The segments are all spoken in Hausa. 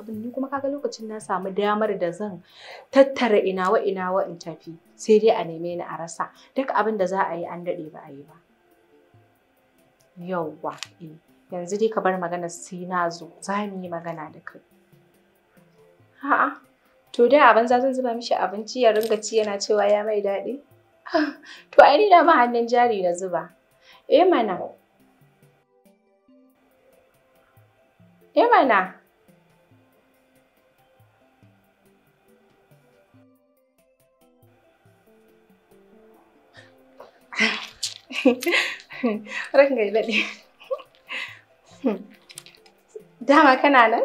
abin ni kuma kaga lokacin na samu damar da zan tattara ina wa ina wa in tafi sai dai a neme ni a rasa duk abin da za a yi an daɗe ba a yi ba yauwa eh, yanzu dai ka bar magana sai na zo za mu yi magana da kai a'a to da abin za zan zuba mishi abinci ya ringa ci yana cewa ya mai daɗi to ai ni da ma hannun jari na zuba eh mana Emana. Eh mana Ranka ya daɗe. Hmm. Dama kana nan?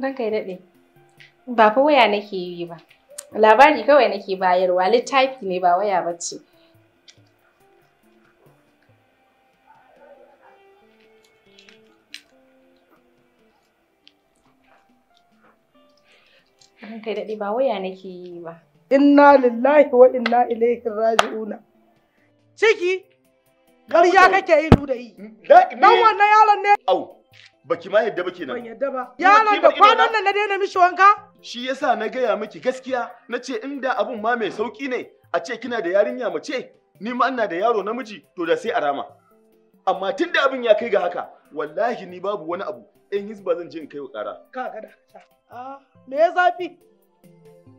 Ranka ya daɗe. Ba fa waya nake yi ba. Labari kawai nake bayarwa, littafi ne ba waya ba ce. kai daɗi ba waya nake yi ba. Inna lillahi wa inna ilaihi raji'una. Ciki ƙarya kake yi hmm? da yi. Dan wannan yaron ne. Au, baki ma yadda ba kenan. Ban yadda ba. Yaron da kwanan nan na daina mishi wanka? Shi yasa na gaya miki gaskiya na ce inda abun ma mai sauki ne a ce kina da yarinya mace ni ma ina da yaro namiji to da sai a rama. Amma tunda abin ya kai ga haka wallahi ni babu wani abu in hisba zan je in kai wa ƙara. Ka ga da. Ah, me ya zafi?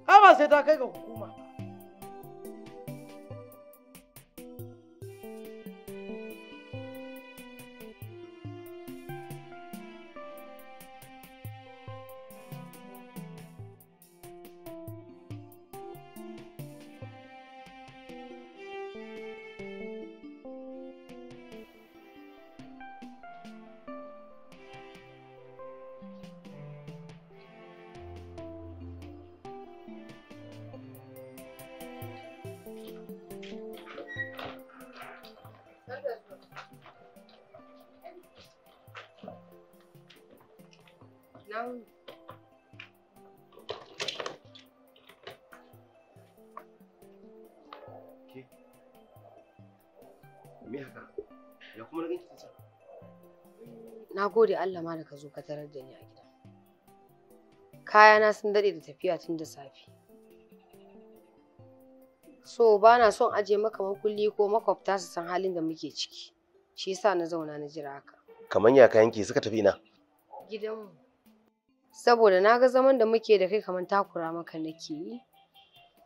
Ai sai ta kai ga hukuma. Me haka? Ya kuma na ganki ta Na gode Allah ma da ka zo ka tarar da ni a gida. Kayana sun daɗe da tafiya tun da safe. So ba na son aje maka makulli ko makwabta su san halin da muke ciki. Shi yasa na zauna na jira haka. Kamar ya yanke, suka tafi na? Gidanmu. saboda na ga zaman da muke da kai kamar takura maka nake yi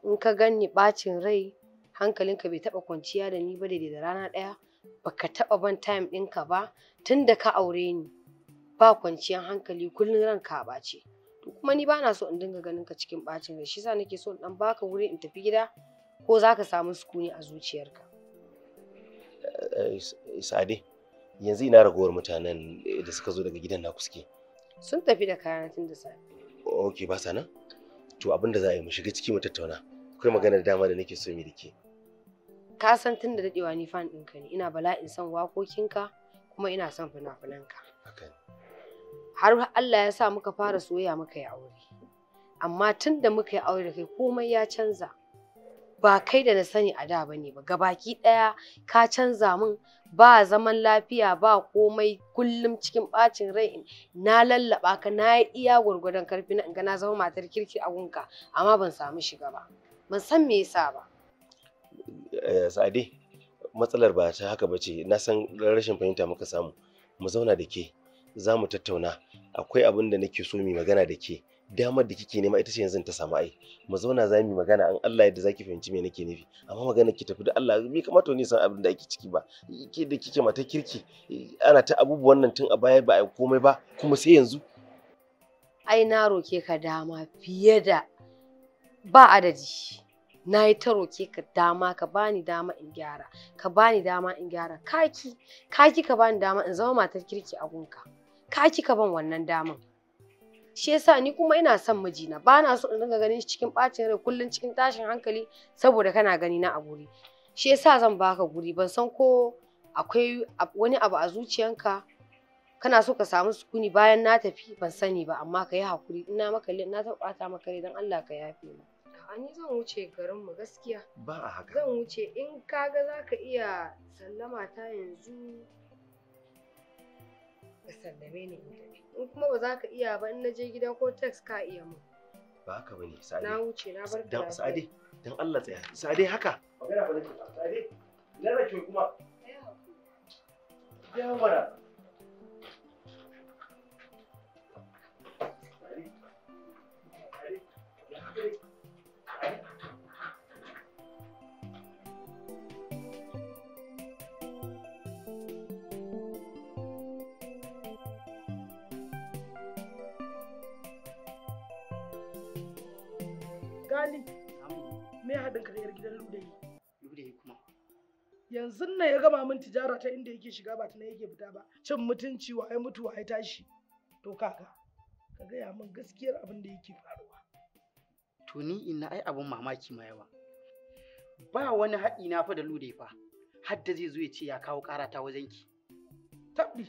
in ka ganni bacin rai hankalinka bai taɓa kwanciya da ni ba daidai da rana ɗaya baka taba ban time ɗinka ba tun da ka aure ni ba kwanciyar hankali kullum ranka a ɓace to kuma ni bana so in dinga ganin ka cikin ɓacin rai shi yasa nake so in ɗan baka wuri in tafi gida ko zaka samu sukuni a zuciyarka eh, eh, sade yanzu ina ragowar mutanen da suka zo daga gidan na kuske Sun tafi da kayan tun da safe. Ok, ba sa nan? To abin da za a yi mu shiga ciki mu tattauna. Akwai magana da dama da nake so mu dake. Ka san tun da dadewa ni fan ɗinka ne. Ina bala'in son wakokinka kuma ina son fina-finanka. Har Allah ya sa muka fara soyayya muka yi aure. Amma tun da muka yi aure da kai komai ya canza. ba kai da na sani a da bane ba gabaki ɗaya ka canza min ba zaman lafiya ba komai kullum cikin bacin rai na lallaba ka na yi iya gwargwadon karfi na ga na zama matar kirki a gunka amma ban samu shiga ba ban san me yasa ba eh, sadi matsalar ba ta haka bace na san rashin fahimta muka samu mu zauna da ke za mu tattauna akwai abin da nake so mu magana da ke damar da kike nema ita ce yanzu ta samu ai mu zauna za mu magana an Allah yadda zaki fahimci me nake nufi amma magana ki tafi da Allah bai kamata ni san abin da ake ciki ba ke da kike mata kirki ana ta abubuwan nan tun a baya ba a komai ba kuma sai yanzu ai na roke ka dama fiye da ba adadi na yi ta roke ka dama ka bani dama in gyara ka bani dama in gyara kaki kaki ka bani dama in zama matar kirki a gunka kaki ka ban wannan daman shi yasa ni kuma ina son mijina ba na so in dinga ganin shi cikin bacin rai kullum cikin tashin hankali saboda kana gani na a guri shi yasa zan baka guri ban san ko akwai wani abu a zuciyanka kana so ka samu sukuni bayan na tafi ban sani ba amma ka yi hakuri ina maka na taɓata maka rai don Allah ka yafe ni ni zan wuce garin mu gaskiya ba a haka zan wuce in kaga zaka iya sallama ta yanzu ka sallame ni in tafi in kuma ba za ka iya ba in na je gida ko text ka iya mu ba haka bane sade na wuce na bar ka sade dan Allah tsaya sade haka magana ba nake sade na rake kuma Yawa. Yawa. ne? Me haɗin ka da yar gidan Ludayi? Ludayi kuma. Yanzu nan ya gama min tijara ta inda yake shiga ba ta yake fita ba. Cin mutunci wa ai mutuwa ai tashi. To kaka, ka gaya min gaskiyar abin da yake faruwa. To ni ina ai abin mamaki ma yawa. Ba wani haɗi na fa da Ludayi fa. Hadda zai zo ya ce ya kawo ƙarata wajen ki. Tabbi,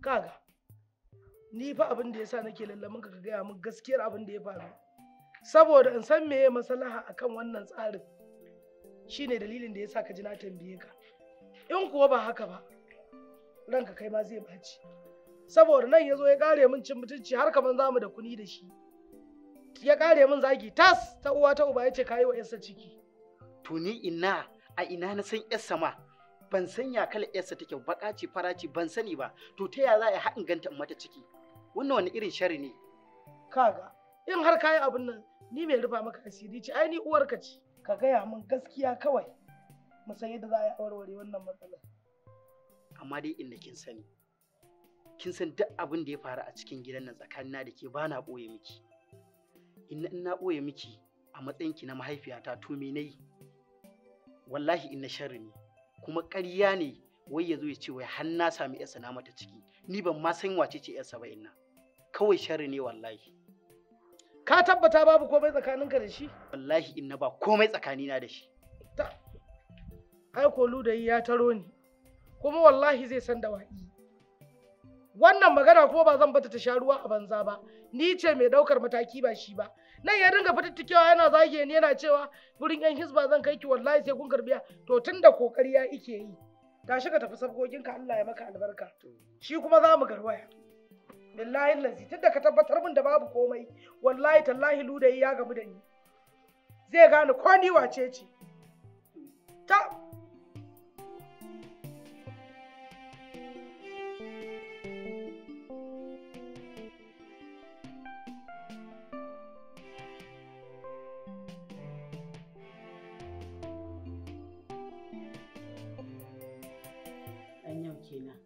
kaga, ni fa abin da ya sa nake lallamin ka ka gaya min gaskiyar abin da ya faru. saboda in san meye maslaha akan wannan tsarin shine dalilin da yasa ka ji na tambaye ka in kuwa ba haka ba ranka kai ma zai baci saboda nan ya zo ya kare min cin mutunci har kaman zamu da kuni da shi ya kare min zagi tas ta uwa ta uba yace kayi wa yarsa ciki to ni ina a ina na san yarsa ma ban san ya kala yarsa take bakaci faraci fara ban sani ba to ta ya za a haɗin ganta mata ciki wannan wani irin shari ne kaga in har kayi abin nan ni mai rufa maka asiri ce ai ni uwarka ce ka gaya min gaskiya kawai mu san yadda za a yi warware wannan matsalar amma dai inda kin sani kin san duk abin da ya faru a cikin gidan nan tsakanina da ke ba na ɓoye miki in na boye miki a matsayin ki na mahaifiyata to me nayi wallahi inna na sharri ne kuma ƙarya ne wai ya zo ya ce wai har na sami yarsa na mata ciki ni ban ma san wace ce yarsa ba inna kawai sharri ne wallahi ka tabbata babu komai tsakaninka da shi wallahi inna ba komai tsakanina da shi ai ko ludayi ya taro ni kuma wallahi zai san da wa'i wannan magana kuma ba zan bata ta sha ruwa a banza ba ni ce mai ɗaukar mataki ba shi ba nan ya dinga fitattakewa yana zage ni yana cewa gurin yan hisba zan kai ki wallahi sai kun karbiya to tunda kokari ya ike yi tashi ka tafi sabgoginka Allah ya maka albarka shi kuma za mu garwaya lillahi lazi tunda ka tabbatar min da babu komai wallahi tallahi ludayi ya gamu da ni zai gane ko ni wace ce ta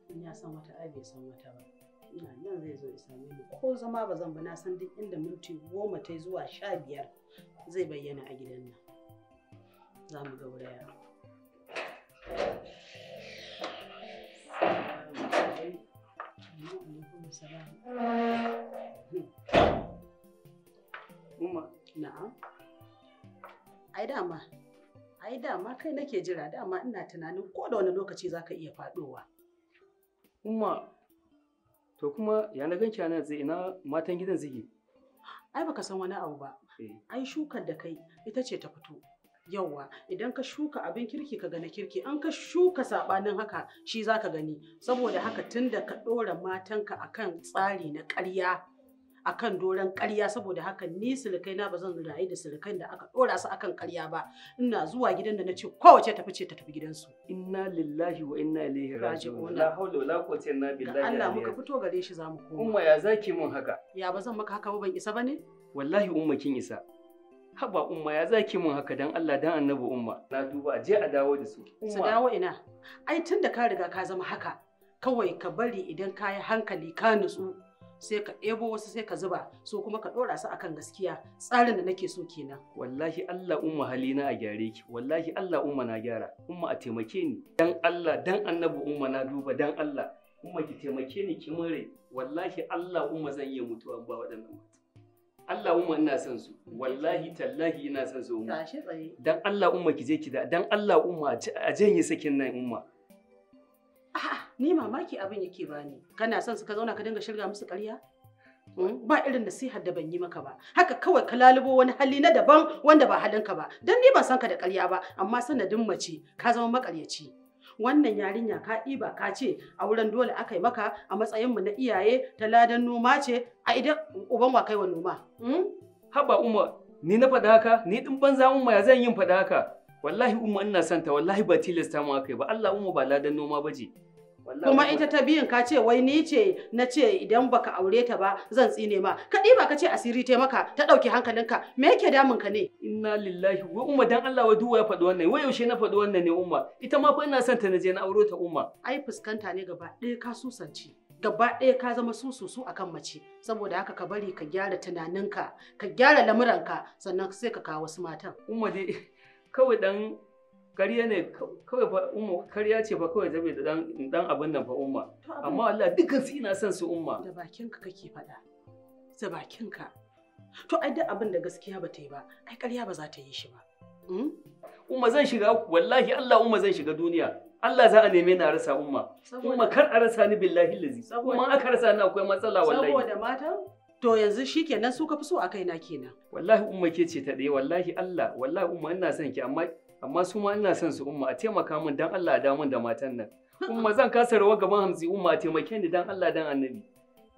kenan san wata ai bai san wata ba ina nan zai zo ya same ko zama ba zan ba na san duk inda minti goma ta zuwa sha biyar zai bayyana a gidan nan za mu ga Umma. Na'am. Ai dama, ai dama kai nake jira dama ina tunanin ko da wani lokaci zaka iya faɗowa. Umma, To kuma ya na ganci ana zai ina matan gidan zige? Ai baka san wani abu ba. Eh. Ai shukar da kai ita ce ta fito. Yawwa idan ka shuka abin kirki ka gani kirki an ka shuka sabanin haka shi zaka gani saboda haka tunda ka ɗora matanka akan tsari na ƙarya akan doran ƙarya saboda haka ni silikai na ba zan rayu da silikan da aka dora su akan ƙarya ba ina zuwa gidan da na ce kowace tafi ce ta tafi gidansu inna lillahi wa inna ilaihi raji'un la hawla wala quwwata illa billahi Allah muka fito gare shi zamu koma umma ya zaki mun haka ya ba zan maka haka ba ban isa bane wallahi umma kin isa haba umma ya zaki mun haka dan Allah dan annabi umma na duba je a dawo da su su dawo ina ai tun da ka riga ka zama haka kawai ka bari idan ka yi hankali ka nutsu sai ka ɗebo wasu sai ka zuba so kuma ka ɗora su akan gaskiya tsarin da nake so kenan wallahi Allah umma halina a gyare ki wallahi Allah umma na gyara umma a taimake ni dan Allah dan annabi umma na duba dan Allah umma ki taimake ni ki mure wallahi Allah umma zan iya mutuwa ba waɗannan Allah umma ina son su wallahi tallahi ina son su umma dan Allah umma ki je ki da dan Allah umma a janye sakin nan umma Ni mamaki abin yake bani. Kana son su ka zauna ka dinga shirga musu ƙarya? Hmm? Ba irin nasihar da ban yi maka ba. Haka kawai ka lalubo wani hali na daban wanda ba halinka ba. Don ni ban san ka da ƙarya ba, amma sanadin mace ka zama maƙaryaci. wannan yarinya ka ɗiba ka ce a wurin dole aka yi maka a matsayinmu na iyaye ta ladan noma ce a idan uban wa kai wa noma. Hmm? Haba Umma, ni na faɗa haka, ni ɗin banza Umma ya zan yin faɗa haka. Wallahi Umma ina santa, wallahi ba tilasta mu aka yi ba, Allah Umma ba ladan noma ba kuma ita ta biyun ka ce wai ni ce na ce idan baka aure ta ba zan tsine ma ka ba ka ce asiri te maka ta ɗauki hankalinka me yake damun ka ne inna lillahi wa umma dan Allah wa duwa ya faɗi wannan wai yaushe na faɗi wannan ne umma ita ma fa ina son ta naje na aure ta umma ai fuskanta ne gaba ɗaya ka susance gaba ɗaya ka zama sususu akan mace saboda haka ka bari ka gyara tunaninka ka gyara lamuranka sannan sai ka kawo wasu matan umma dai kawai dan ƙarya ne kawai fa umma ƙarya ce fa kawai zabe da dan dan abin nan fa umma amma Allah dukkan su ina son su umma da bakin ka kake faɗa da bakin ka to ai duk abin da gaskiya ba ta yi ba ai ƙarya ba za ta yi shi ba hmm? umma zan shiga wallahi Allah umma zan shiga duniya Allah za a neme na rasa umma umma kar a rasa ni billahi lazi umma aka rasa ni akwai matsala wallahi saboda matan To yanzu shi kenan su ka fi so a kaina kenan. Wallahi umma ke ce ta ɗaya wallahi Allah wallahi umma ina son ki amma amma su ma ina son su umma a taimaka min dan Allah da mun da matan nan umma zan kasa rawa gaban hamsi umma a taimake ni dan Allah dan annabi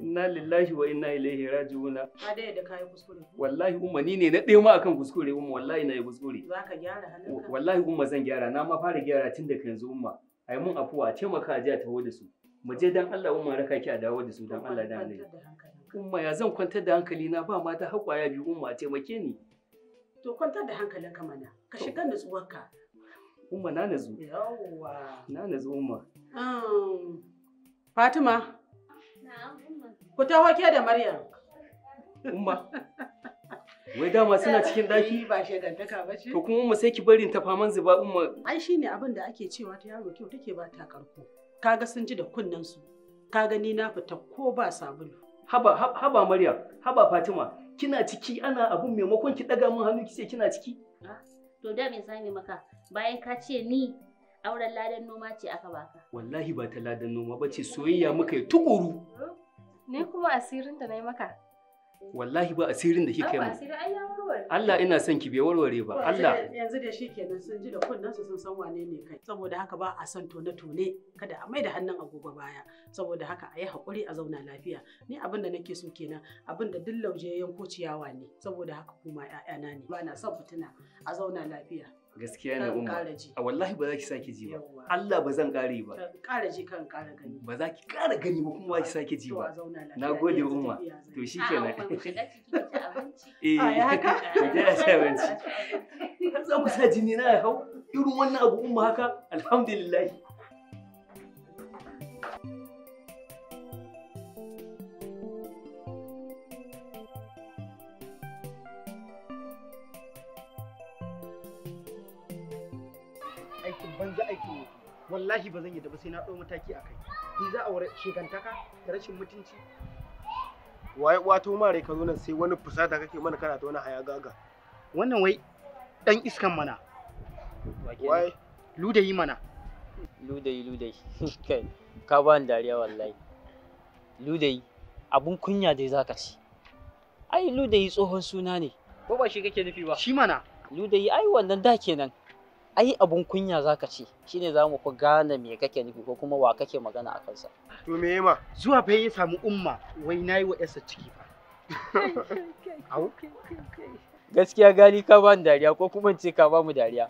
inna lillahi wa inna ilaihi raji'una ka da yadda kai kuskure wallahi umma ni ne na ɗaya ma akan kuskure umma wallahi na yi kuskure za ka gyara halinka wallahi umma zan gyara na ma fara gyara tun da yanzu umma ai mun afuwa a taimaka a ji a taho da su mu je dan Allah umma raka ki a dawo da su dan Allah dan annabi umma ya zan kwantar da hankali na ba mata ta haƙwaya biyu umma a taimake ni To kwantar da hankalinka mana, ka shiga nutsuwarka. Umma na nazu. Yawwa. Na nazu umma. Um, Fatima. Ku ta hoke da Maryam. Umma. Wai dama suna cikin ɗaki? Ba shagantaka ba ce. To kuma umma sai ki bari ta faman zuba umma. Ai shine abin da ake cewa ta yaro kyau take ba ta karko. Kaga sun ji da kunnensu, su. ni na fita ko ba sabulu. Haba haba Maryam, haba Fatima, kina ciki ana abun maimakon ki daga mun hannu kice kina ciki to da me zame maka bayan ka ce ni auren ladan noma ce aka baka wallahi ba ta ladan noma bace soyayya muka yi tukuru hmm? ne kuma asirin da nayi maka wallahi ba asirin da kika mu Allah ina son ki bai warware ba Allah yanzu da shi kenan sun ji da kunnen su sun san wane ne kai saboda haka ba a son tone tone kada a mai da hannun agogo baya saboda haka a yi hakuri a zauna lafiya ni abin da nake so kenan abin da duk lauje yanko ciyawa ne saboda haka kuma ƴaƴana ne ba na son fitina a zauna lafiya gaskiya ne umma a wallahi ba za ki sake ji ba Allah ba zan kare ba kare ji kan kare gani ba za ki kare gani ba kuma ba ki sake ji ba na gode umma to shikenan eh da ya ci abinci eh. har za ku sa jini na hau irin wannan abu umma haka alhamdulillah wallahi ba zan yi da ba sai na ɗau mataki a kai ni za a wara shigantaka da rashin mutunci waye wato mare ka zo nan sai wani fusata kake mana kana ta wani haya gaga wannan wai dan iskan mana waye ludayi mana ludayi ludayi kai ka ba ni dariya wallahi ludayi abun kunya dai zaka ci ai ludayi tsohon suna ne ko ba shi kake nufi ba shi mana ludayi ai wannan da kenan ai abun kunya zaka ce shine za mu ku gane me kake nufi ko kuma wa kake magana a kansa to me yema zuwa fa ya samu umma wai nayi wa yasa ciki fa gaskiya gani ka ba dariya ko kuma ce ka ba mu dariya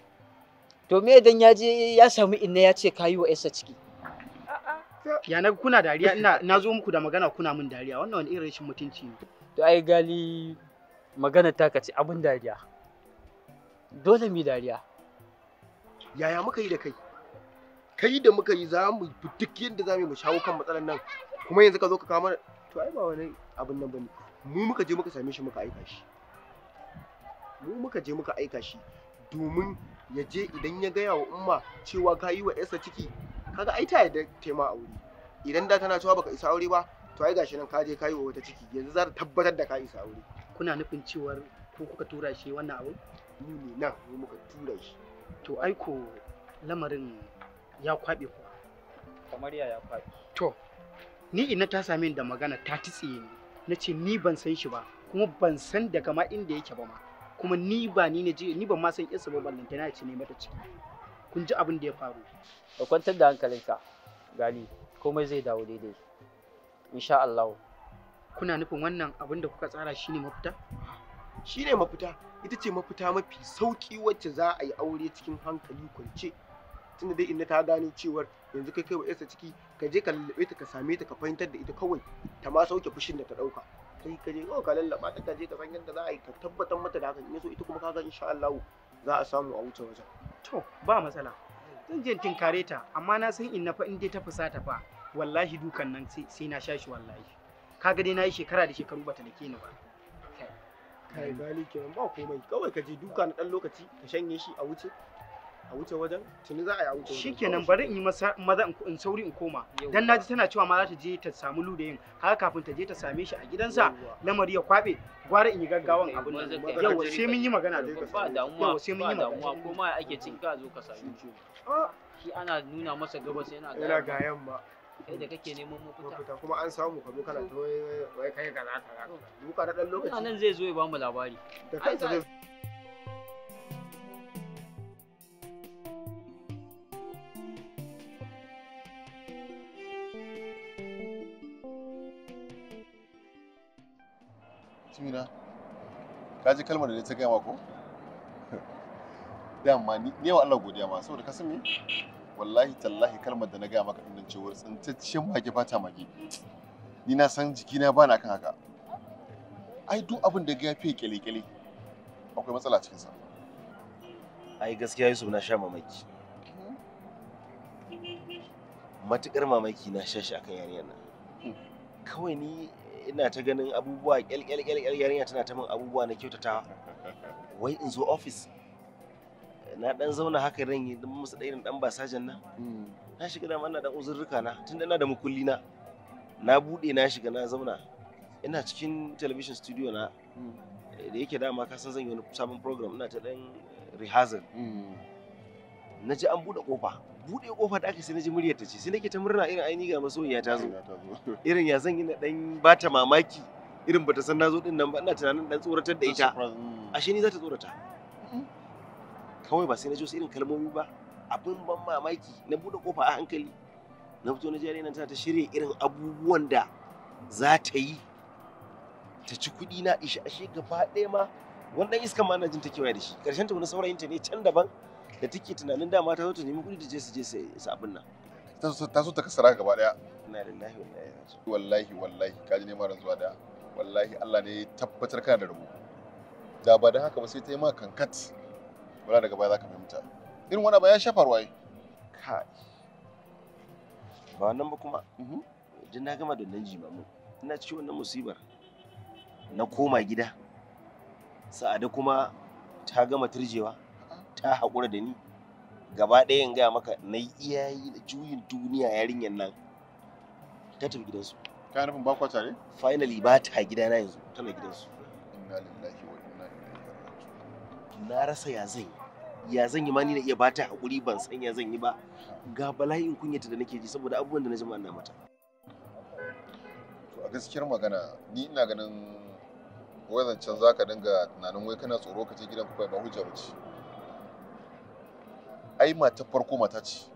to me idan ya je ya samu inna ya ce kayi wa yasa ciki ya na kuna dariya ina na zo muku da magana kuna min dariya wannan wani irin rashin mutunci ne to ai gali magana ta kace abun dariya dole mi dariya yaya muka yi da kai kai da muka yi za mu duk yadda za mu shawo kan matsalar nan kuma yanzu ka zo ka kawo mana to ai ba wani abin nan bane mu muka je muka same shi muka aika shi mu muka je muka aika shi domin ya je idan ya gaya wa umma cewa ka yi wa yarsa ciki kaga ai ta yadda tema aure idan da tana cewa baka isa aure ba to ai gashi nan ka je ka yi wa wata ciki yanzu za ta tabbatar da ka isa aure kuna nufin cewar ko kuka tura shi wannan abu ni ne nan mu muka tura shi to aiko lamarin ya kwaɓe kuwa kamar ya ya kwaɓe to ni ina ta same da magana ta titsiye ni na ce ni ban san shi ba kuma ban san daga ma inda yake ba ma kuma ni ba ni ne ni ban ma san isa ba ballanta na ce ne mata ciki kun ji abin da ya faru ka kwantar da hankalinka gani. komai zai dawo daidai insha Allah kuna nufin wannan abin da kuka tsara shine mafita Shi ne mafita ita ce mafita mafi sauki wacce za a yi aure cikin hankali kwance tunda dai inda ta gano cewar yanzu kai kai wa yarsa ciki ka je ka lallabe ta ka same ta ka fahimtar da ita kawai ta ma sauke fushin da ta dauka kai ka je kawai ka lallaba ta ka je ka san yadda za a yi ka tabbatar mata da hakan in so ita kuma ka ga insha Allah za a samu a wuce wajen to ba matsala zan je tinkare ta amma na san na fa in dai ta fusata fa wallahi dukan nan sai na sha shi wallahi kaga dai na yi shekara da shekaru bata dake ni ba kai bali kenan ba komai kawai ka je duka na ɗan lokaci ka shanye shi a wuce a wuce wajen tuni za a yi a wuce shikenan bari in yi maza in sauri in koma dan naji tana cewa ma za ta je ta samu ludayin haka kafin ta je ta same shi a gidansa lamari ya kwabe gwara in yi gaggawan abin nan yawa sai mun yi magana da ba damuwa sai mun yi magana damuwa koma ake cin ka zo ka same ah. shi ana nuna masa gabas yana ga yamma kai da kake neman mafita kuma an samu ka zo wai kai duka na dan lokaci nan zai zo ya bamu labari da kansa zai Tumina, ka ji kalmar da ta gaya ma ko? Dama ni ne wa Allah godiya ma saboda ka san me? wallahi tallahi kalmar da na gaya maka ɗin cewar tsintaccen mage fata mage ni na san jikina ba bana kan haka ai duk abin da ya fiye kyale-kyale akwai matsala cikin sa ai gaskiya Yusuf na sha mamaki matukar mamaki na sha shi akan yarinyar nan kawai ni ina ta ganin abubuwa kyal-kyal-kyal yarinya tana ta min abubuwa na kyautatawa wai in zo office na dan zauna haka ran yi dan musu irin dan basajen nan hmm. na shiga da mana dan uzurruka na tunda ina da mukulli na na bude na shiga na zauna ina cikin television studio na hmm. da yake dama ka san zan yi wani sabon program ina ta dan rehearsal hmm. na ji an bude kofa bude kofa da ake sai na ji muryar ta ce sai nake ta murna irin aini ga masoyiya ta zo irin ya zan yi na dan bata mamaki irin bata san na zo din nan ba ina tunanin dan tsoratar da ita ashe ni za ta tsorata kawai ba sai na ji wasu irin kalmomi ba abin ban mamaki na buɗe kofa a hankali na fito na jari tana ta shirya irin abubuwan da za ta yi ta ci kuɗi na ishe ashe gaba ɗaya ma wannan iska ma na jin ta kewaye da shi ƙarshen ta wani saurayin ta ne can daban da take tunanin dama ta zo ta nemi kuɗi ta je su je su abin nan ta so ta kasara gaba ɗaya ina lillahi wallahi wallahi wallahi ka ji neman zuwa da wallahi Allah ne ya tabbatar kana da rubu da ba da haka ba sai ta yi ma kankat wala daga baya za ka fahimta irin wani ba ya sha faruwa yi kai ba nan ba kuma mhm. idan na gama da nan jimamu ina ci wannan musibar na koma gida sa'ada kuma ta gama turjewa ta haƙura da ni gaba ɗaya in gaya maka na yi iyayi da juyin duniya yarinyar nan ta tafi gidansu ka nufin ba kwa tare finally ba ta gidana yanzu tana gidansu inna lillahi wa inna ilaihi raji'un na rasa ya zai ya zan yi ma ni na iya bata hakuri ban san ya zan yi ba ga bala'in kunyata da nake ji saboda abubuwan da na jama'a na mata a gaskiyar magana ni ina ganin wai can zaka dinga tunanin wai kana tsoro ka je gidan kuka ba hujja bace ai mata farko mata ce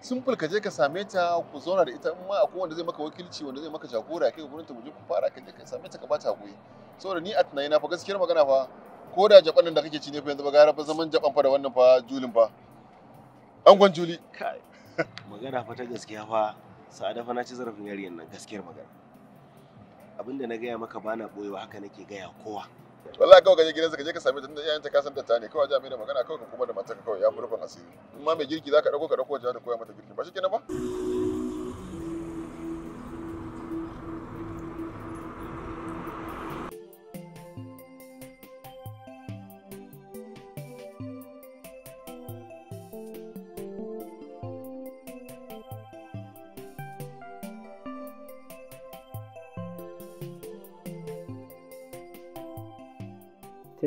simple ka je ka same ta ku zauna da ita in ma akwai wanda zai maka wakilci wanda zai maka jagora kai gurin ta ku ku fara ka je ka same ta ka bata hakuri saboda ni a tunani na fa gaskiyar magana fa ko da jaban da kake ci ne fa yanzu ba gara fa zaman jaban fa da wannan fa julin fa angon juli magana fa ta gaskiya fa sa'ada fa na ci zarafin yarinyar nan gaskiyar magana abinda na gaya maka bana boyewa haka nake gaya kowa wallahi kawai kaje gidansa kaje ka same ta tunda iyayenta ka san ta ne kawai ja mai da magana kawai kuma da matarka kawai ya furfan asiri in ma mai girki zaka dauko ka dauko ja da koya mata girki ba shi kenan ba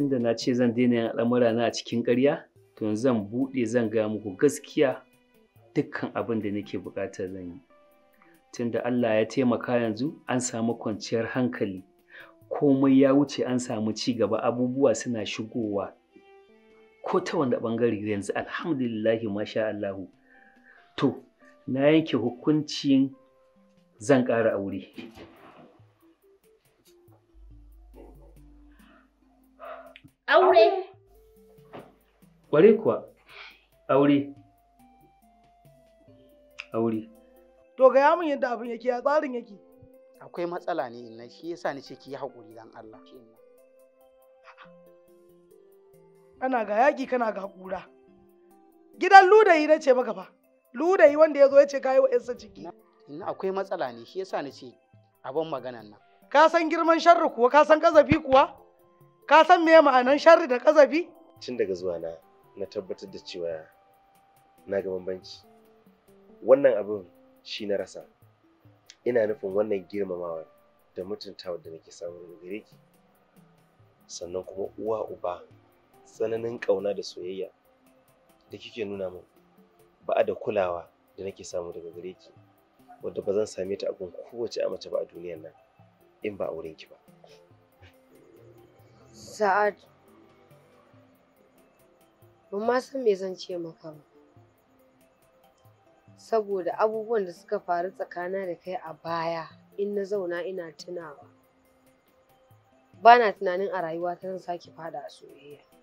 tun na ce zan daina yin al'amura na a cikin ƙarya to yanzu zan buɗe zan ga muku gaskiya dukkan abin da nake buƙatar zan yi Tunda Allah ya taimaka yanzu an samu kwanciyar hankali komai ya wuce an samu ci gaba abubuwa suna shigowa ko ta wanda bangare yanzu alhamdulillahi masha Allah, to na yanke hukuncin zan ƙara aure Aure. Ƙware kuwa, aure. Aure. To ga mun yadda abin yake ya tsarin yake. Akwai matsala ne inna shi yasa ni ce ki yi haƙuri dan Allah. Ana ga yaƙi kana ga haƙura. Gidan ludayi na ce maka fa. Ludayi wanda ya zo ya ce kayi wa 'yansa ciki. Ina akwai matsala ne shi yasa ni ce abin maganan nan. Ka san girman sharri kuwa, ka san kazafi kuwa? Ka san me ma'anan sharri da kazabi? Tun daga zuwa na na tabbatar da cewa na ga bambanci. Wannan abin shi na rasa. Ina nufin wannan girmamawa da mutuntawa da nake samu daga gare ki. Sannan kuma uwa uba tsananin ƙauna da soyayya da kike nuna min ba a da kulawa da nake samu daga gare ki wadda ba zan same ta a gun kowace a mace ba a duniyar nan in ba auren ki ba. Sa'ad, ban ma san me zan ce maka ba. Saboda abubuwan da suka faru tsakana da kai a baya in na zauna ina tunawa. Ba na tunanin a rayuwa ta zan sake fada soyayya.